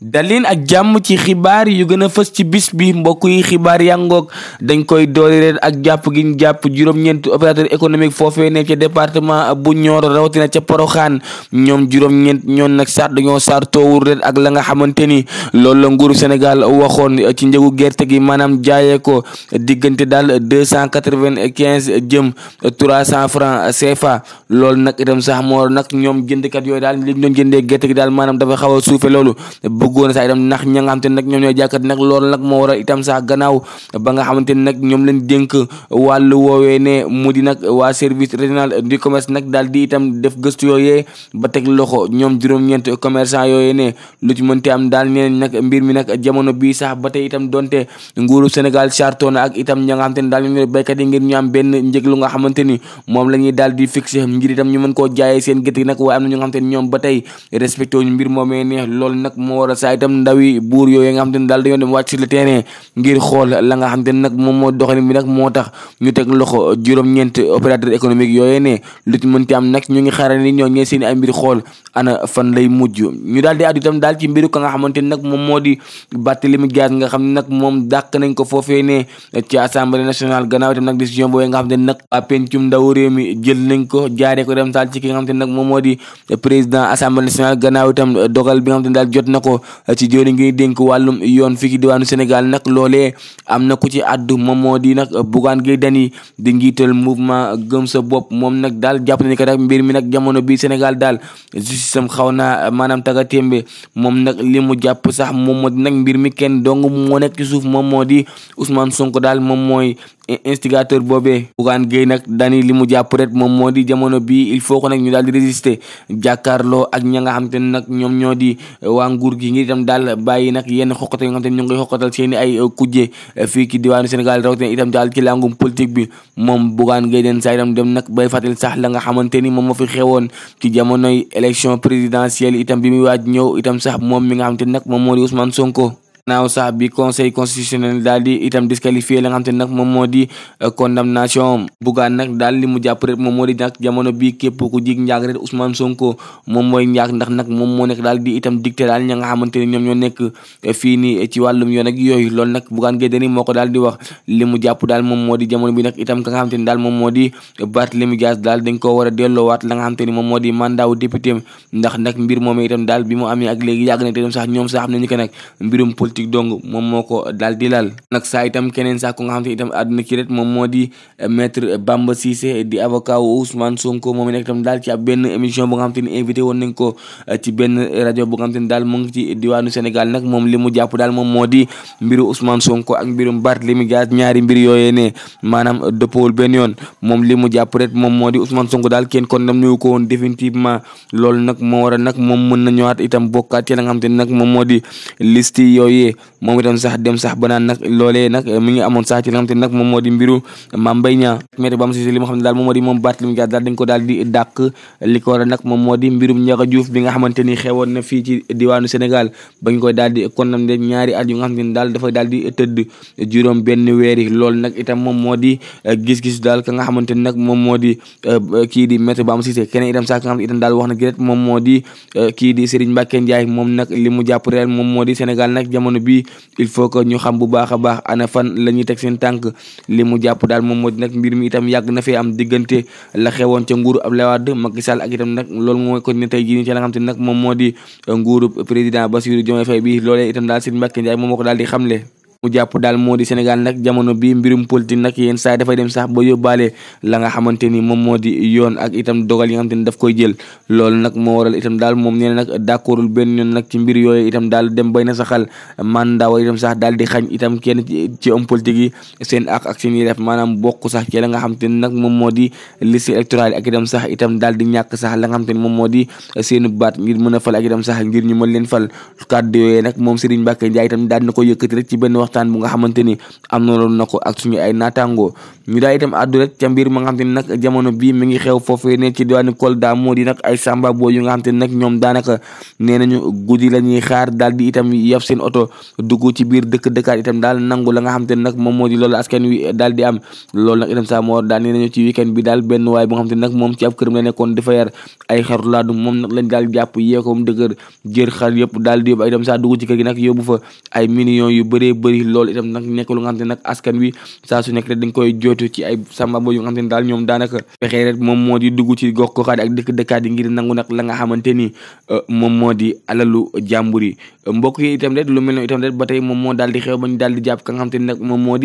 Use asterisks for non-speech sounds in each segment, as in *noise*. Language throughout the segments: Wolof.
dalin ak jàmm ci xibaar yu gën a fës ci bis bi mbokk yi xibaar yangoog dañ koy doori reen ak jàpp giñ jàpp juróom-ñeenti opérateur économique foofee ne ca département bu Nioro rawatina ca Poroxaan ñoom juróom-ñeent ñoon nag saat dañoo saar toowul reen ak la nga xamante ni loolu la nguuru Sénégal waxoon ci njëgu gerte gi maanaam jaayee ko diggante daal deux cent quatre-vingt-quinze jëm trois cent francs CFA loolu nag itam sax moo nag ñoom jëndkat yooyu daal liñ doon jëndee gerte gi daal maanaam dafa xaw a suufe loolu bëggoon sax itam ndax ña nga xamante ne nag ñoom ñooy jàkkat nag loolu nag moo waral itam sax gannaaw ba nga xamante ne nag ñoom leen dénk wàllu ne mu di nag waa service régional du commerce nag daal di itam def gëstu yooyee ba teg loxo ñoom juróom-ñeent commerçant yooyee ne lu ci mënti am daal nee nag mbir mi nag jamono bii sax ba tey itam donte nguuru Sénégal charton ak itam ña nga daal ñoom yi ngir ñu benn njëg lu nga ni moom lañuy daal di fixé ngir itam ñu mën koo jaayee seen gëtt nag na ñu nga xamante ñoom ba tey mbir moomee ne loolu nag moo waral saa itam ndawi buur yooyu nga xam te ne daal dañoo dem wàcc sur le terrain ngir xool xam ne nag moom moo doxalin bi nag moo tax ñu teg loxo juróom-ñeent opérateur économique yooyu ne lu ci am nag ñu ngi xaaral ni ñoo ñee seen ay mbir xool ana fan lay mujj ñu daal di àddu itam daal ci mbiru ka nga xamante ne nag moom moo di Barthélémy Dias nga xam ne nag moom dàq nañ ko foofee ne ci assemblée nationale gannaaw itam nag décision boobu nga xam te ne nag waa pencum ndaw réew mi jël nañ ko jaaree ko dem saal ci ki xam te ne nag moom moo di président assemblée nationale gannaaw itam dogal bi nga daal jot na ko ci jëwriñ gi dénk wàllum yoon fii ci diwaanu Sénégal nag loolee am na ku ci àddu moom moo di nag Bougane Gueye Dany di njiital mouvement gëm sa bopp moom nag daal jàpp na ni que rek mbir mi nag jamono bi Sénégal daal justice am xaw naa maanaam taga témbe moom nag li mu jàpp sax moom moo di nag mbir mi kenn dong suuf moom moo di Ousmane Sonko daal moom mooy instigateur boobee Bougane Gueye nag dani li mu jàpp rek moo di jamono bi il faut ko nag ñu daal di résister jàkkaarloo ak ña nga xam te ne nag ñoom ñoo di euh, waa nguur gi ngir itam daal bàyyi nag yenn xoqatal yi nga xam te ne ñu ngi koy xoqatal seeni ay euh, kujje euh, fii ci diwaanu Sénégal rawatina itam daal ci langum bi moom Bougane Gueye den saa itam dem nag bay fàttali sax la nga xamante ni moom moo fi xewoon ci jamonoy élection présidentielle itam bi muy waaj ñëw itam sax moom mi nga xam te ne nag moom moo di Sonko naaw sax bi conseil constitutionnel daal di itam disqualifié la nga xam moom moo di euh, condamnation bugaan nag daal li mu jàpp rek moom moo di nag jamono bi képp ku jig njaag rek Ousmane Sonko moom mooy njaag ndax nag moom moo nekk daal di itam dicté daal nga xamante ni ñoom ñoo nekk euh, fii ni ci wàllum yoon ak yooyu loolu nag bugaan gé moo ko daal di wax li mu jàpp daal moom moo di jamono bi nag itam ka nga xamante ni daal moom moo di Barthélémy Dias daal dañ koo war a delloowaat la nga xamante di mandat wu député ndax nag mbir moom itam daal bi mu amee ak léegi yàgg sax ñoom sax xam nañu ko nag mbirum politique politique dong moom moo ko daal di laal nag saa itam keneen saa ko nga xam te itam àdduna ki ret moom moo di eh, maître Bamba Cissé eh, di avocat wu Ousmane Sonko moom nekk itam daal ci ab benn émission bu nga xam te ni eh, daal moom li mu jàpp daal moom moo di mbiru Ousmane Sonko ak mbirum Barthélémy Dias ñaari mbir yooyee ne maanaam dëppowul benn yoon moom li mu jàpp ret moom moo di Ousmane Sonko daal kenn condamné ko woon définitivement loolu nag moo war a nag moom mën na ñëwaat itam bokkaat ci la nga xam te ni yooyee moom itam sax dem sax ba naan nag loolee nag mi sax ci li nga xam te di mbiru Mame Mbaye Niang maître Bamba Cissé li nga ko daal di dàq li ko a nag moom moo di mbirum Ndiaga Diouf bi nga xamante ni na fii ci diwaanu di condamné ñaari at yu nga xam ni daal itam moom moo di gis-gis di euh, kii di maître Bamba Cissé keneen itam sax ka nga itam daal wax na giret moom moo di euh, kii di Serigne li mu jàpp jamono bii il faut que ñu xam bu baax a baax ana fan la ñuy teg seen tànk li mu jàpp daal moom moo di nag mbir mi itam yàgg na fee am diggante la xewoon ca nguuru Abdoulaye Wade Macky Sall ak itam nag loolu mooy ko ne tey moom moo di nguuru président Bassirou Diomaye Faye bi loolee itam daal seen Mbacké Ndiaye moom daal di xamle mu jàpp daal moo di Sénégal nag jamono bi mbirum politique nag yéen saa dafay dem sax ba yóbbaale la nga xamante ni moom moo di yoon ak itam dogal yi nga daf koy jël loolu nag moo waral itam daal moom nee na nag d'accordul benn yoon nag ci mbir yooyu itam daal dem bay na saxal mandat wa itam sax daal di xañ itam kenn ci homme politique yi seen ak ak seen yelleef maanaam bokk sax ci la nga xamante ni nag moom moo di liste électorale ak itam sax itam daal di ñàkk sax la nga xamante ni moom moo di seenu baat ngir mën a fal ak itam sax ngir ñu mën leen fal kàddu yooyu nag moom Serigne Mbacké Ndiaye itam daal na ko yëkkati rek ci benn waxtaan bu nga xamante am na loolu na ko ak suñu ay naataangoo ñu daal itam àddu rek ca mbir ma nga xam te nag ñoom daanaka nee guddi la ñuy xaar daal di itam yab seen oto dugg ci biir dëkk dëkkaat itam daal nangu la nga xam te ni nag moom moo di loolu askan wi ci weekend bi daal benn waay bu nga xam te ni nag moom ci ab këram la nekkoon dafa yar ay xaru laadum moom nag lañ daal jàpp yeekom dëgër jër kër gi yu bëree bëri yi loolu itam nag nekk lu nga xam te nag askan wi saa su nekk rek dañ koy jooytu ci ay sàmbabo yu nga xam te daal ñoom daanaka fexee rek moom moo di dugg ci gox goxaat ak dëkk dëkkaat yi ngir nangu nag la nga xamante ni euh, moom moo di alalu jàmbur yi mbokk yi itam rek lu mel noonu itam rek ba tey moo daal di xew ba ñu daal di jàpp ka xam te ni nag moom moo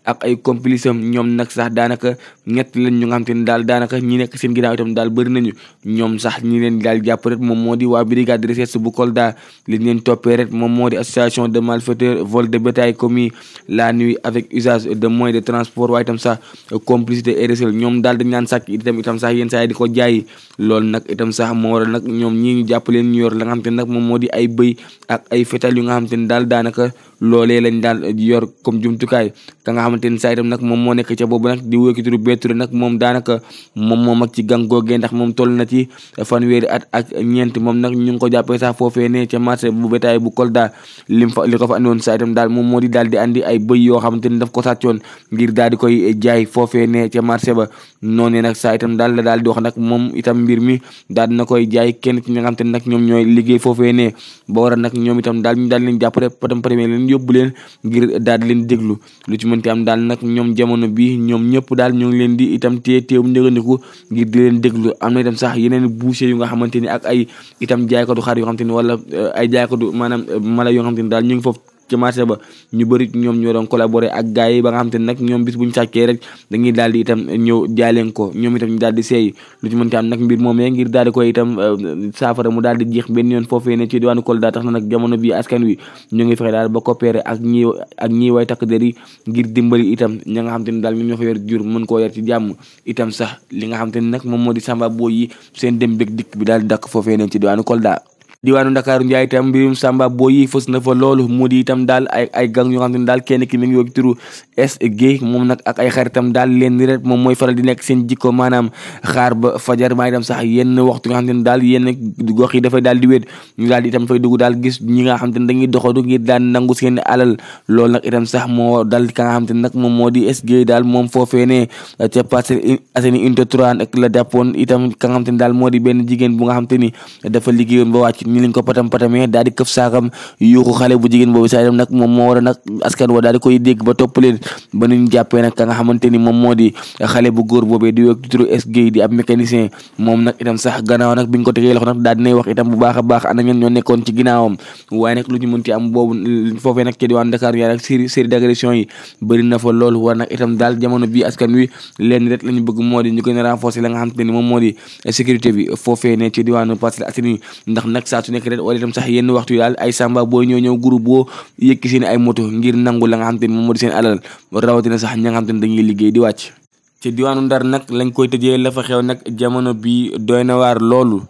ak ay complice am ñoom nag sax daanaka ñett lan ñu nga xam ne daal daanaka ñi nekk seen ginnaaw itam daal bëri nañu ñoom sax ñi leen daal jàpp moom moo di waa brigade bu Kolda leen toppee rek moom moo di association de malfaiteurs vol de bétail commis la nuit avec usage de moyens de transport waaye itam sax complicité et ñoom daal dañ naan sàkk itam itam sax yénn saa di ko jaay loolu nag itam sax moo nag ñoom ñii ñu jàpp leen ñu yor la nga nag moom moo di ay bëy ak ay fetal yu nga xam te ne daal daanaka loolee lañ daal yor comme jumtukaay ka nga xamante ni saa itam nag moom moo nekk ca boobu nag di wékkituru betture nag moom daanaka moom moo mag ci gàngoogee ndax moom toll na ci fanweeri at ak ñeent moom nag ñu ngi ko jàppee sax foofee ne ca marché bu bétail bu Kolda lim fa li ko fa andi woon daal moom moo di daal di andi ay bëy yoo xamante ni daf ko sàccoon ngir daal di koy jaay foofee ne ca marché ba noonee nag saa itam daal la daal di wax nag moom itam mbir mi daal dina koy jaay kenn ci ñi nga xam te ne nag ñoom ñooy liggéey foofee ne ba war a ñoom itam daal ñu daal leen jàppale patam premier leen yóbbu leen ngir daal di leen déglu lu ci mënti am daal nag ñoom jamono bi ñoom ñëpp daal ñoo ngi leen di itam téye téew njëgandiku ngir di leen déglu am na itam sax yeneen boucher yu nga xamante ni ak ay itam jaaykatu xar yoo xam te ni wala euh, ay jaaykatu maanaam euh, mala yoo xam te ni daal ñu ngi foofu ci marché ba ñu bëri ñoom ñoo doon collaborer ak gars yi ba nga xam te ne nag ñoom bis bu ñu sàccee rek dañuy daal di itam ñëw jaaleen ko ñoom itam ñu di seey lu ci mën nag mbir moomee ngir daal di koy itam euh, saafara mu daal di jeex benn yoon foofee ne ci diwaanu Kolda tax na nag jamono bii askan wi ñu ngi fexe daal ba coopérer ak ñi ak ñi way takk yi ngir dimbali itam ña nga xam ne daal ñoom ñoo fa yor jur mën koo yor ci jàmm itam sax li nga xam te ne nag moom moo di samba boo yi seen dem bég dikk bi daal di dakk foofee ne ci diwaanu Kolda diwaanu ndakaaru njaay itam mbirum samba boo yi fës na fa loolu mu di itam daal ay ay gang ñoo xam te ne daal kenn ki mi ngi wog turu SG moom nag ak ay xaritam daal leen ni rek moom mooy faral di nekk seen jikko maanaam xaar ba fajar maa itam sax yenn waxtu nga xam te ne daal yenn gox yi dafay daal di wéet ñu daal di itam fay dugg daal gis ñi nga xam te ne dañuy doxatu ngir daan nangu seen alal loolu nag itam sax moo dal ka nga xam te ne nag moom moo di SG daal moom foofee ne ca Parcelles Assainies unité 3 la jàppoon itam ka nga xam te daal moo di benn jigéen bu nga xam te ni dafa liggéeyoon ba ni ko patam patamee daal di saakam yuuxu xale bu jigéen boobu saa dem nag moom moo wa daal di koy dégg ba topp xale bu góor boobee di wéeg turu SG di ab mécanicien moom nag itam sax gannaaw nag biñ ko tegee loxo nag daal dinay wax itam bu baax a baax ana ñan ñoo nekkoon ci ginnaawam waaye nag lu ñu mënti askan wi leen rek la ñu bëgg moo di ñu gën a la nga xamante ni moom moo sécurité bi foofee ne ci ndax nag su nekk ren wala itam sax yenn waxtu yi daal ay samba booy ñoo ñëw groupe boo yëkki seen ay moto ngir nangu la nga xam te ne moom moo seen alal rawatina sax ña xam te ne dañuy liggéey di wàcc ci diwaanu ndar nag lañ koy tëjee la fa xew nag jamono bi doy na waar loolu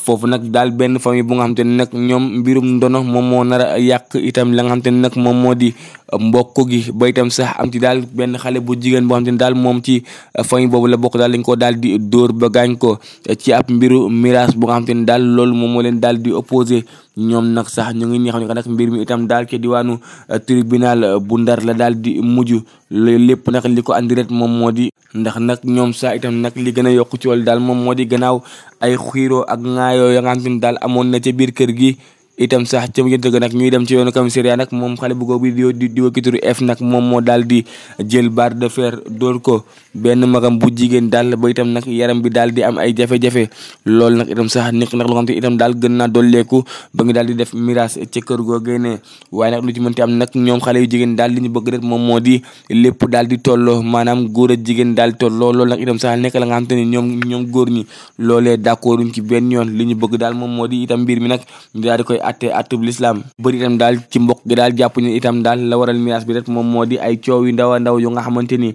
foofu nag daal benn famille bu nga xam te nag ñoom mbirum ndono moom moo nar a yàq itam la nga xam te nag moom moo di mbokk gi ba sax am ci daal benn xale bu jigéen boo xam te ne daal moom ci famille boobu bokk daal lañ ko daal di dóor ba gaañ ko ci ab mbiru miraas bu nga xam te ne daal loolu moom moo leen daal di opposé ñoom nag sax ñu ngi ñi mbir mi itam daal ci diwaanu tribunal bu ndar la daal di mujj loolu nag li ko andi moom moo di ndax nag ñoom saa itam nag li gën a yokku ci wàll daal moom moo di gannaaw ay xiiroo ak ŋaayoo ya nga xam daal amoon na ca biir kër gi itam sax ca mujjante ga nag ñuy dem ci yoonu commissariat nag moom xale bu góor bi di di wakkituru F nag moom moo daal di jël barre de fer dóor ko benn magam bu jigéen daal ba itam nag yaram bi daal di am ay jafe-jafe loolu nag itam sax nekk nag loo xam te itam daal gën naa dolleeku ba ngi daal di def mirage ca kër googee ne waaye nag am nag ñoom xale yu jigéen daal li ñu bëgg rek moom moo di lépp daal di tolloo maanaam góor jigéen daal di tolloo loolu nag itam sax nekk la nga xam te ni ñoom ñoom góor ñi loolee d'accord duñ ci benn yoon li ñu bëgg daal moom moo di itam mbir mi nag ñu daal di koy attee attub lislaam bëri itam daal ci mbokk gi daal jàpp ñu daal la waral mirage bi rek moom moo di ay coow yu ndaw a ndaw yu nga xamante ni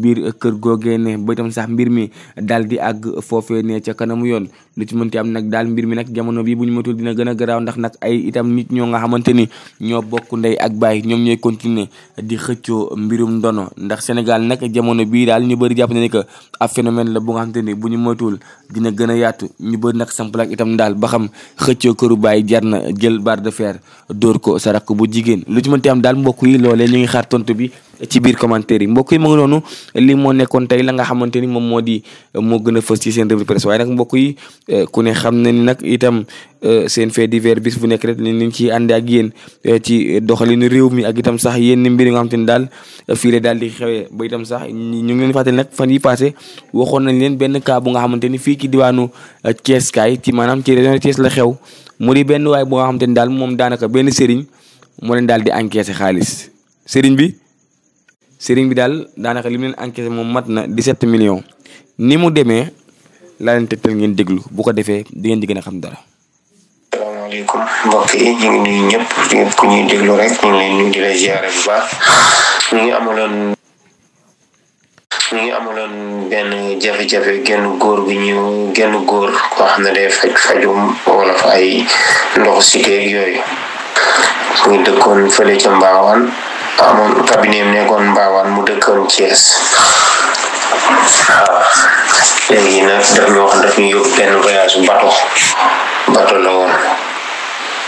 biir kër googee ne ba itam sax mbir mi daal di àgg foofee ne ca kanamu yoon lu ci mënti am nag daal mbir mi nag jamono bi bu ñu matul dina gën a garaaw ndax nag ay itam nit ñoo nga xamante ni ñoo bokk ndey ak baay ñoom ñooy continuer di xëccoo mbirum ndono ndax Sénégal nag jamono bii daal ñu bëri jàpp ne que ab la bu nga xamante bu ñu matul dina gën a yaatu ñu bëri nag sampal ak itam daal ba xam xëccoo këru baay jar na jël barre de fer dóor ko sa bu jigéen lu ci mënti am daal mbokk yi loolee ñu ngi xaar tontu bi ci biir commentaire yi mbokk yi ma ngi noonu li moo nekkoon tey la nga xamante ni moom moo di moo gën a fës ci seen revue de presse waaye nag mbokk yi eh, ku ne xam na ni nag itam eh, seen fait divers bis bu nekk rek ni niñ ci ànde ak yéen eh, ci doxalinu réew mi ak itam sax yéen mbir yi nga xamante ni daal fii daal di xewee ba itam sax ñu ngi leen nag fan yi passé waxoon nañ leen benn kaa bu nga xamante ni fii ci diwaanu Thiès kaay ci maanaam ci région de Thiès la xew mu di benn waay bu nga xamante ni daal moom daanaka benn sëriñ moo leen daal di encaissé xaalis seriñ bi sëriñ bi daal daanaka li mu leen encaissé moom mat na 17 millions ni mu demee laa leen tegtal ngeen déglu bu ko defee di ngeen di gën a xam dara. salaamaaleykum mbokk yi ñu ngi nuyu ñëpp ñuy déglu rek ñu ngi leen nuyu di la ziare bu baax ngi amaloon. ñu benn jafe-jafe genn góor gi ñu genn góor koo xam ne day faj fajum wala fa ndox si yooyu. ñu dëkkoon fële ca Mbaawaan amoon cabinet am nekkoon mbaawaan mu dëkkaru Thiès waaw ah. léegi nag daf ñu wax daf ñu yóbbu benn voyage bato bato la woon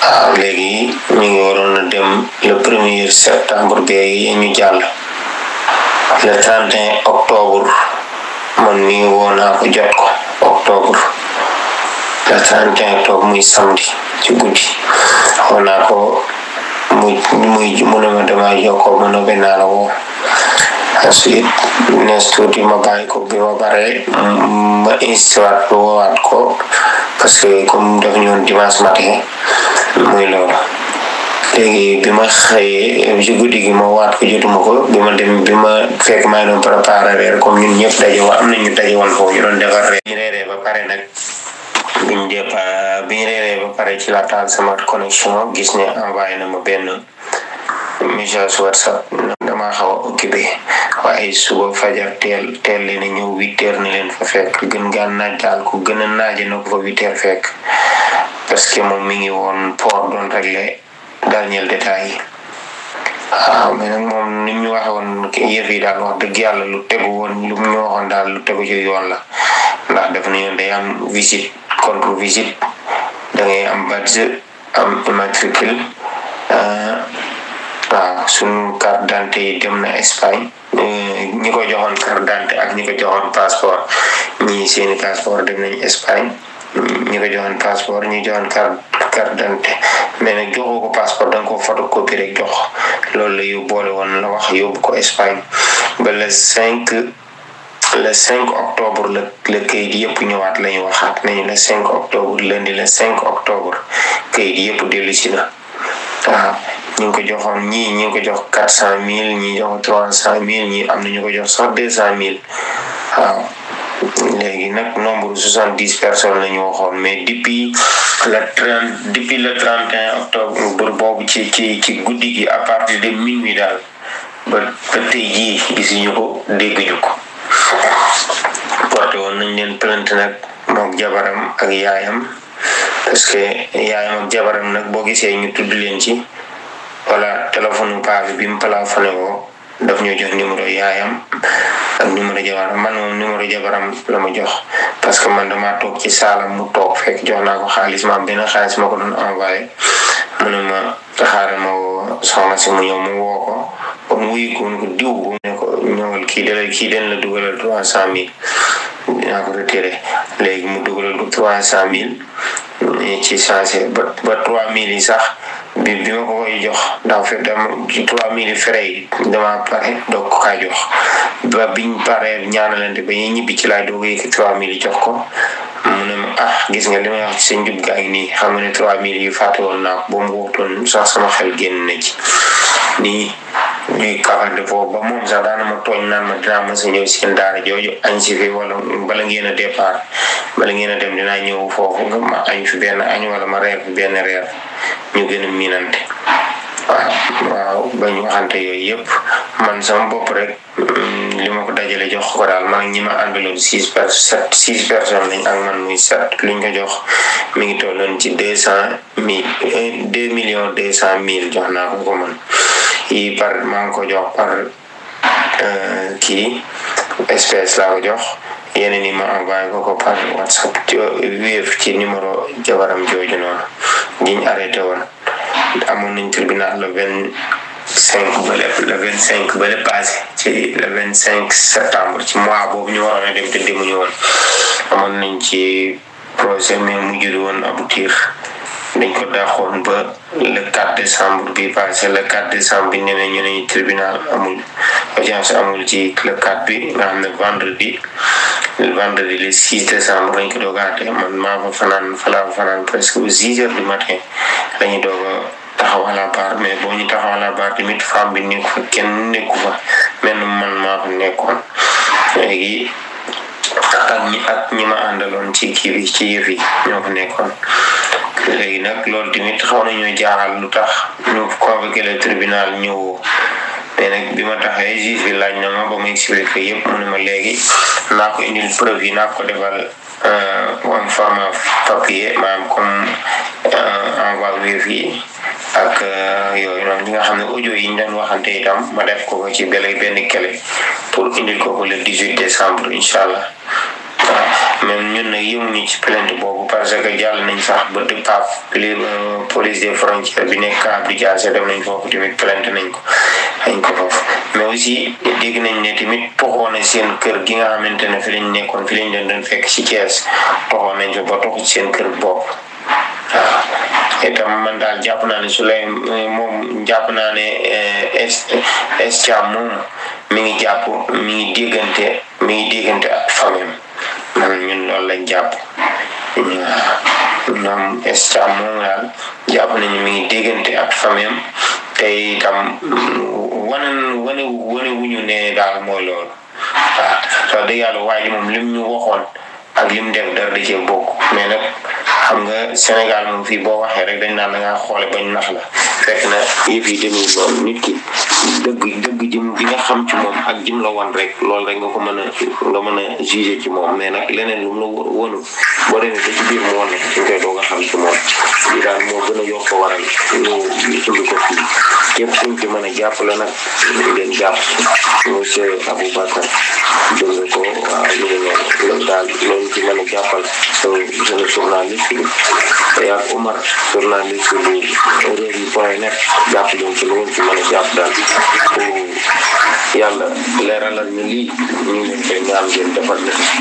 ah, léegi ñu ngi waroon a dem le premier septembre bee ñu jàll le 31 octobre man mii woo ko jot ko octobre le 31 octobre muy samedi ci guddi woo ko muy muy mu ne ma dama jokkoo ma noppi naa la woo ensuite nees tuuti ma bàyyi ko bi ma bare mm, ma insistiwaat ba woowaat ko parce que comme daf ñëwoon dimanche matin muy loolu léegi bi ma xëyee ci guddi gi ma waat ko jotuma ko bi ma dem bi ma fekk maa ngi doon préparé comme ñu ñëpp daje woon am na ñu daje woon foofu ñu doon defar reer ñu reeree ba pare nag biñ départ biñ ba pare ci la taal sama connexion gis ne envoyé na ma benn message whatsapp dama xaw a occupé waaye suba fajar teel teel leen a ñëw huit heures ni leen fa fekk gën ngaa naaj daal ku gën a naaje na ko fa huit fekk parce que moom mi ngi woon port doon régler dernier détail yi waaw ah, moom ni ñu waxee woon yëf yi daal wax dëgg yàlla lu tegu woon lu ñu waxoon daal lu tegu ci yoon la ndax def nañu day am visite code bu visite da ngay am badge am um, immatricule waaw uh, ah, suñu carte d'identité yi dem na Espagne ñi ko joxoon carte dante ak ñi eh, ko joxoon ah, passeport ñi seeni passeport dem hmm, nañ Espagne ñi ko joxoon passeport ñi joxoon carte carte mais nag joxoo ko passeport da nga ko photocopie rek jox loolu la boole won la wax yóbbu ko Espagne ba cinq le cinq octobre la la kayit yëpp ñëwaat lañu waxaat nañu le 5 octobre lundi le 5 octobre kayit yëpp dellu si na waaw ñu ngi ko joxoon ñii ñu ngi ko jox quatre cent mille ñii jox trois cent mille ñii am nañu ko jox sax deux cent mille waaw léegi nag nombre soixante dix personnes la ñu waxoon mais depuis le trente depuis le trente et un octobre boobu ci ci ci guddi gi à partir de minuit daal ba ba tey jii gisuñu ko dégguñu ko. porté woon nañ leen plainte mook jabaram ak yaayam parce que yaayam ak jabaram nag boo gisee ñu tudd leen ci wala téléphone paa bi bi mu plafonné daf ñoo jox numéro yaayam ak numéro jabaram man moom numéro la ma jox parce que man dama toog ci saalam mu toog fekk jox naa ko xaalis ma benn xaalis ma ko doon envoyé mu ne ma xaaral ma woo soxna si mu ñëw mu woo ko ba mu wuyu ko diw ñëwal kii dalay kii den la dugalal trois cent mille dinaa ko retiré léegi mu dugalal ko trois cent mille eh, ci changé ba ba trois mille yi sax bi bi ma ko koy jox daa fekk dama ci trois mille frais yi dama pare doog ko kaa jox ba biñ paree ñaanalante ba ñuy ñibbi ci laa doog yëkk trois mille jox ko mu ne ah gis nga li may wax ci sa njub gaa ngi nii xam nga ne trois mille yi fàtte woon naa ko ba mu wóotoon sax sama xel génn na ci nii ñuy kafante foofu ba moom sax daana ma tooñ naan ma dinaa mës ñëw seen daara jooju añ si fi wala bala ngeen a départ bala ngeen a dem dinaa ñëw foofu nga ma añ fi benn añ wala ma reer fi benn reer ñu gën a miinante waaw waaw waxante yooyu yëpp man sama bopp rek mm, li ma ko dajale jox ko daal man ñi ma àndaloon six per sept six personnes lañ ak man muy sept luñ ko jox mi ngi tolloon ci deux cent mille euh, deux millions deux cent mille jox naa ko ko man i par maa ngi ko jox par euh, kii espèce laa ko jox yeneen yi ma envoyé ko ko par whatsapp wéef ci numéro jabaram jooju noonu giñ woon amoon nañ tribunal le vingt cinq ba le vingt cinq ba le passé ci le vingt cinq septembre ci mois boobu ñu waroon a dem te demuñu woon amoon nañ ci projet mais mujjul woon aboutir dañ ko daaxoon ba le 4 décembre bi passé le 4 décembre bi nee na ñu ne tribunal amul audience amul ci le 4 bi nga xam ne vendredi vendredi le 6 décembre lañ ko doog a àtte man maa fa fanaan falaa fa fanaan presque ba heures du matin lañu doog a taxaw à la mais boo ñu taxaw à la barre tamit femme bi nekku fa kenn nekku fa mel man maa fa nekkoon léegi ak ñi ak ñi ma àndaloon ci kii bi ci yëf ñoo fa nekkoon léegi nag loolu tamit xaw nañoo jaaral lu tax ñu convoqué le tribunal ñëwoo mais nag bi ma taxee juge bi laaj na ma ba ma expliqué yëpp mu ne ma léegi naa ko indil preuve yi naa ko defal en euh, format papier maanaam comme euh, envoi wéef yi ak eh, yooyu noonu ñi nga xam ne audio yi ñu doon waxante itam ma def ko ci gële benn kele pour indil ko ko le 18 décembre incha allah même ñun nag yëmuñu ci plainte boobu parce que jàll nañ sax ba de paaf li euh, police des frontières bi nekk Abdou Diassé dem nañ foofu tamit plainte nañ ko dañ ko foofu mais aussi dégg nañ ne tamit toxoo na seen kër gi nga xamante ne fi lañ nekkoon fi lañ leen doon fekk ci Thiès toxoo nañ fa ba toxu seen kër bopp itam man daal jàpp naa ne Souley eh, moom jàpp naa ne es eh, es moom mi ngi jàpp mi ngi déggante mi ngi déggante ak famille man lañ jàpp ñoom es Thiam moom daal jàpp nañu mi ngi déggante ak famille te itam wane wane wuñu ne daal mooy loolu waaw wax dëgg yàlla waaye moom lim ñu waxoon ak lim def dara da cee bokk mais nag xam nga Sénégal moom fii boo waxee rek dañ naan da ngaa xoole bañ nax la fekk na yëf yi demee loolu nit ki dëgg dëgg jëm bi nga xam ci moom ak jëm la wan rek loolu rek nga ko mën a nga mën a jugé ci moom mais nag leneen lu mu la wonu boo demee ba ci biir mu ci nga doog a xam ci moom li daal moo gën a yokk waral ñu indi ko fii képp kuñ ci mën a jàppale nag ngeen jàpp monsieur Aboubacar jóge ko waaw ñu ngi noonu loolu daal loolu ci mën a jàppal suñu journaliste bi te yaa Omar journaliste bu point net jàpp leen ci lu ngeen a jàpp daal yàlla leeralal ñu lii ñu ngi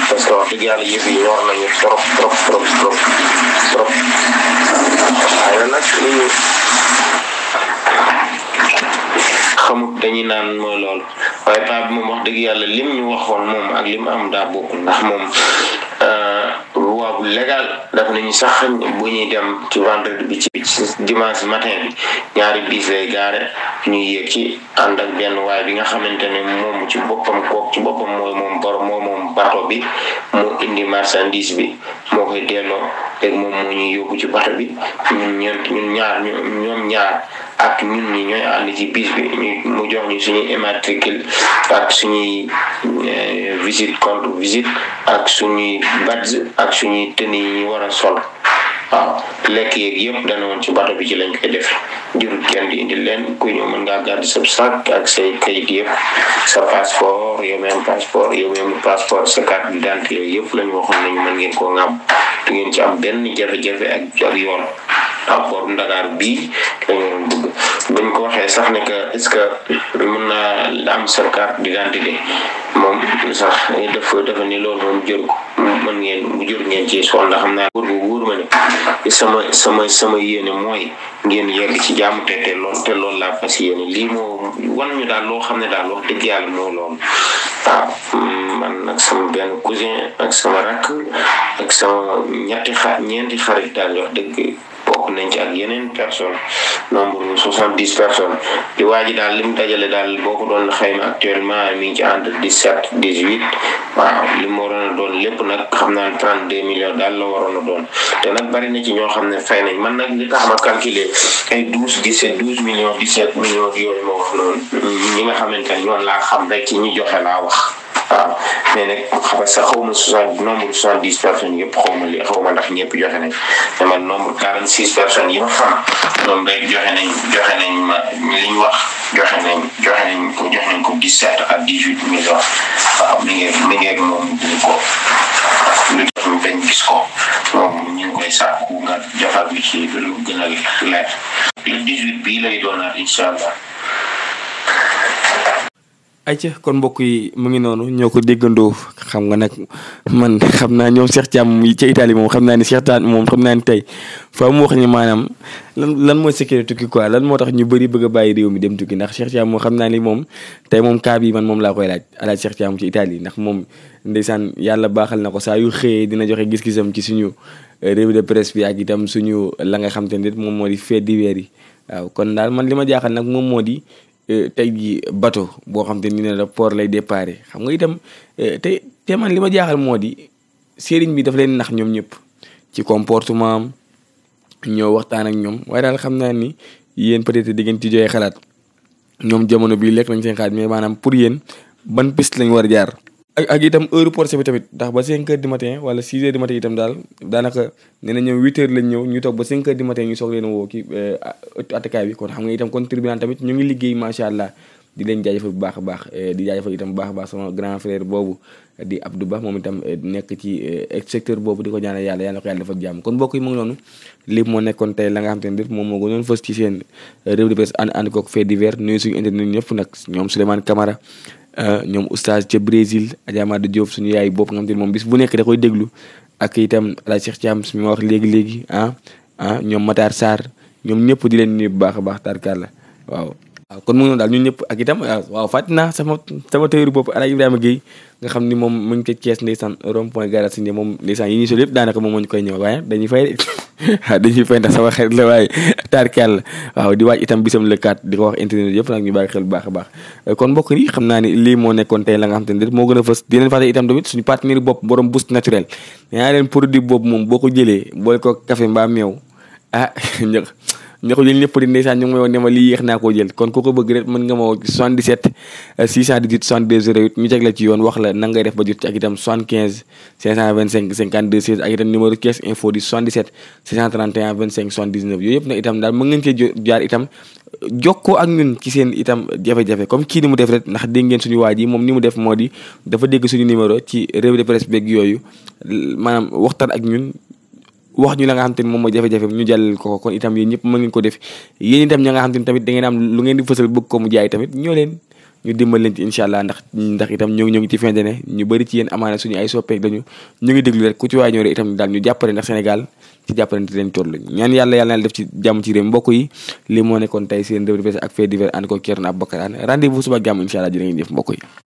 parce que wax dëgg yàlla yëf yi ñor nañu trop trop trop trop trop waaye nag li xamut dañuy naan mooy lool waaye paa bi moom wax dëgg yàlla lim ñu waxoon moom ak lim am daa bokkul ndax moom loi euh, bu légal daf nañu sax bu ñuy dem ci vendredi bi ci dimanche matin bi ñaari biis lay gaare ñuy yéeg ci ànd ak benn waaye bi nga xamante ne moom ci boppam kook ci boppam mooy moom borom moo moom bato bi moo indi marchandise bi moo koy delloo léegi moom moo ñuy yóbbu ci bato bi ñu ñaar ñoom ñaar ak ñun ñi ñooy ànd ci bis bi mu jox ñu suñuy ak suñuy euh, visite compte visite ak suñuy badge ak suñuy tenue yi war a sol waaw lekk yeeg yëpp dana woon ci bato bi ci lañ koy def jurut kenn di indi leen ku ñëw mën ngaa gàddu sa sac ak say kayit yëpp sa passeport yow même passeport yow même passeport sa carte d'identité yooyu yëpp lañ waxoon nañu mën ngeen koo ŋàbb du ngeen ci am benn jafe-jafe ak ak yoon airport Dakar bii la ñu doon ko waxee sax est-ce que mën naa am sa carte d'identité moom sax dafa dafa ni loolu moom jëru mën ngeen bu ngeen ci soxla ndax xam naa wóor bu wóor ma ne sama sama sama yéene mooy ngeen yegg ci jàmm te te lool te loolu laa fas yéene lii moo wan ñu daal loo xam ne daal wax dëgg yàlla moo loolu ah, man nag sama benn cousin ak sama rakk ak sama ñetti xa ñeenti xarit daal wax dëgg bokk nañ ci ak yeneen personne nombre soixante dix personnes di waa ji daal lim dajale daal boo ko doon xayma actuellement mi ngi ci entre dix sept dix huit waaw li mu waroon doon lépp nag xam naa ne trente deux millions daal la waroon a doon te nag bari na ci ñoo xam ne fay nañ man nag li tax ma calculer ay douze dix sept douze millions dix sept millions yooyu ma wax noonu ñi nga xamante ne ñoom laa xam rek ci ñi joxe laa wax. waaw mais nag parce que xaw ma soixante nombre soixante dix personnes yëpp xaw ma li xaw ma ndax ñëpp joxe nañ te man nombre quarante six personnes yi ma xam joxe nañ joxe nañ ma ñu wax joxe nañ joxe nañ ko joxe nañ ko dix sept a dix huit millions waaw mi ngi moom ñu ko lu tax ñu bañ gis ko moom ñu ngi koy sàkku nga jafal bi ci lu gën a leer dix huit bii lay doonaat incha allah ayca kon mbokk yi mu ngi noonu ñoo ko déggandoo xam nga nag man xam naa ñoom Cheikh Thiam ca itali moom xam naa ni Cheikh Thiam moom xam naa ni tey fa mu wax ni maanaam lan lan mooy secret tukki quoi lan moo tax ñu bëri bëgg bàyyi réew mi dem tukki ndax Cheikh Thiam moom xam naa ni moom tey moom cas bi man moom laa koy laaj alaaj Cheikh Thiam ci Italie ndax moom ndeysaan yàlla baaxal na ko saa yu xëyee dina joxe gis-gisam ci suñu euh, revue de presse bi ak itam suñu la nga xam te nit moom moo di fête d'hiver yi waaw kon daal man li ma jaaxal nag moom moo di Euh, tey jii bateau boo xam te ni ne la port lay déparé xam nga itam euh, te te man li ma jaaxal moo di sëriñ bi daf leen nax ñoom ñëpp ci comportement am ñoo waxtaan ak ñoom waaye daal xam naa ni yéen peut-être di ngeen ci joxe xalaat ñoom jamono bii lekk nañ seen xalaat mais maanaam pour yéen ban piste lañ war a jaar. ak ak itam heure procès bi tamit ndax ba 5 heures du matin wala 6 heures du matin itam daal daanaka nee na ñoom 8 heures lañ ñëw ñu toog ba 5 heures du matin ñu a woo eh, kon xam tamit ñu ngi liggéey macha allah di leen jaajëfal bu baax a baax eh, di jaajëfal itam bu baax a baax sama grand frère boobu di Abdou Ba moom itam eh, nekk ci secteur boobu di ko ñaanal yàlla yàlla ko yàlla dafa jàmm kon mbokk yi mu ngi noonu lépp moo nekkoon tey la nga xam te ne moom moo gënoon fës ci seen revue de presse ànd ànd koog divers nuyu suñu internet Euh, ñoom oustaz ca Brésil Adja Mada Diop suñu yaay bopp nga xam te moom bis bu nekk da koy déglu ak itam El Hadj Cheikh Thiam mi ma wax léegi léegi ah ah ñoom mataar Sarr ñoom ñëpp di leen nuyu bu baax a baax tarkalla waaw. waaw kon mu ngi noonu daal ñun ñëpp ak itam ah, waaw fàttali naa sama sama théorie bopp El Hadj Ibrahima Guèye nga xam ni moom mu ngi ca Thiès ndeysaan rond point garage moom ndeysaan yi ñuy sol yëpp daanaka moo ñu koy ñëw waaye dañuy fay *laughs* waaw dañuy fay ndax la waaye taarkal waaw di waaj itam bisam le di ko wax internet yëpp nag ñu bàyyi xel bu baax a baax kon mbokk yi xam naa ni lii moo nekkoon tey la nga xam te ne moo gën a fës di leen fàttali itam tamit suñu partenaire bopp borom boost naturel nee naa leen produit boobu moom boo ko jëlee boole ko café mbaa meew ah *laughs* ña ko jël ñëpp di ndeysaan ñu ngi may woon ne ma lii yéex naa koo jël kon ku ko bëgg rek mën nga ma 77 618 72 08 ñu teg la ci yoon wax la nan ba jot ci ak itam 75 525 52 16 ak itam numéro caisse info yooyu yëpp nag itam daal mën ngeen cee jaar itam euh, jokkoo ak ñun ci seen itam jafe-jafe comme kii ni mu def rek ndax dégg suñu waa ji moom ni mu def moo di dafa dégg suñu numéro ci revue de presse beeg yooyu maanaam waxtaan ak ñun wax ñu la nga xam te ni moom mooy jafe-jafe ñu jàllale ko kon itam yéen ñëpp mën ngeen ko def yéen itam ña nga xam te ni tamit da ngeen am lu ngeen di fësal bëgg ko mu jaay tamit ñoo leen ñu dimbal leen ci incha allah ndax ndax itam ñoo ngi ñoo ngi ci fin d'année ñu bëri ci yéen amaana suñu ay soppe lañu ñu ngi déglu rek ku ci waay ñëw rek itam daal ñu jàppale ndax Sénégal ci jàppalante leen toll ñaan yàlla yàlla na def ci jàmm ci réew mbokk yi li moo nekkoon tey seen revue de presse ak fait divers ànd ko Thierno Aboubacar Anne rendez-vous suba jàmm incha allah jërë ngeen jëf mbokk yi